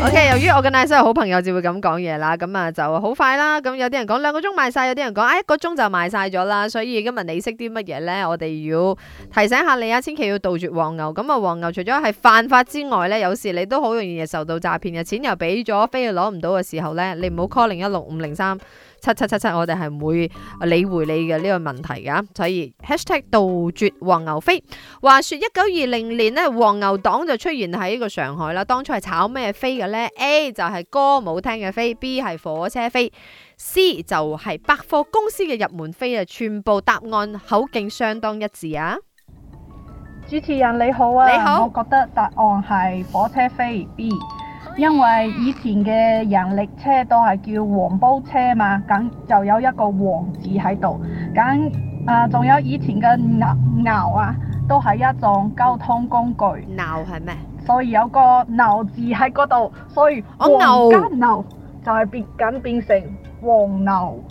OK，由於我嘅奶生係好朋友這樣，就會咁講嘢啦，咁啊就好快啦。咁有啲人講兩個鐘賣晒，有啲人講啊一個鐘就賣晒咗啦。所以今日你識啲乜嘢呢？我哋要提醒一下你啊，千祈要杜絕黃牛。咁啊，黃牛除咗係犯法之外呢，有時你都好容易受到詐騙嘅，錢又俾咗，飛又攞唔到嘅時候呢，你唔好 call 零一六五零三七七七七，我哋係唔會理會你嘅呢個問題嘅。所以 hashtag 杜絕黃牛飛。話説一九二零年呢，黃牛黨就出現喺呢個上海啦。當初係炒咩飛嘅？咧 A 就係歌舞廳嘅飛，B 係火車飛，C 就係百貨公司嘅入門飛啊！全部答案口徑相當一致啊！主持人你好啊，你好，我覺得答案係火車飛 B，oh yeah！因為以前嘅人力車都係叫黃包車嘛，咁就有一個黃字喺度，咁啊仲有以前嘅牛,牛啊，都係一種交通工具。牛係咩？所以有個牛字喺嗰度，所以我「牛」加牛就係變緊變成黃牛。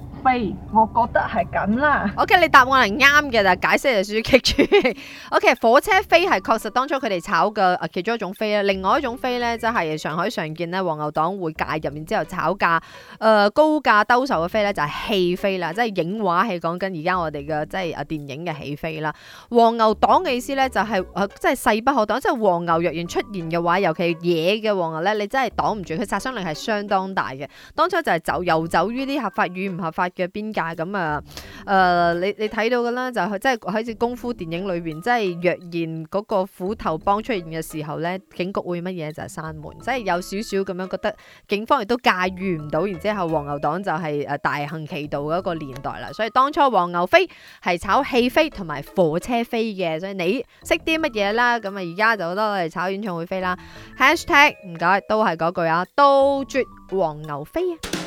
我覺得係咁啦。OK，你答案係啱嘅，但解釋就需要棘住。 OK，火車飛係確實當初佢哋炒嘅其中一種飛呢，另外一種飛呢，就係、是、上海常見呢，黃牛黨會介入然之後炒價，誒、呃、高價兜售嘅飛呢，就係、是、戲飛啦，即係影畫係講緊而家我哋嘅即係誒電影嘅戲飛啦。黃牛黨嘅意思呢、就是，就係即係勢不可擋，即係黃牛若然出現嘅話，尤其係野嘅黃牛呢，你真係擋唔住，佢殺傷力係相當大嘅。當初就係走遊走於啲合法與唔合法，嘅邊界咁啊，誒、呃、你你睇到嘅啦，就係即係好似功夫電影裏邊，即係若然嗰個斧頭幫出現嘅時候咧，警局會乜嘢就係閂門，即係有少少咁樣覺得警方亦都駕馭唔到，然之後黃牛黨就係、是、誒、呃、大行其道嗰個年代啦。所以當初黃牛飛係炒戲飛同埋火車飛嘅，所以你識啲乜嘢啦？咁啊而家就多我哋炒演唱會飛啦。Hashtag 唔該，都係嗰句啊，杜絕黃牛飛啊！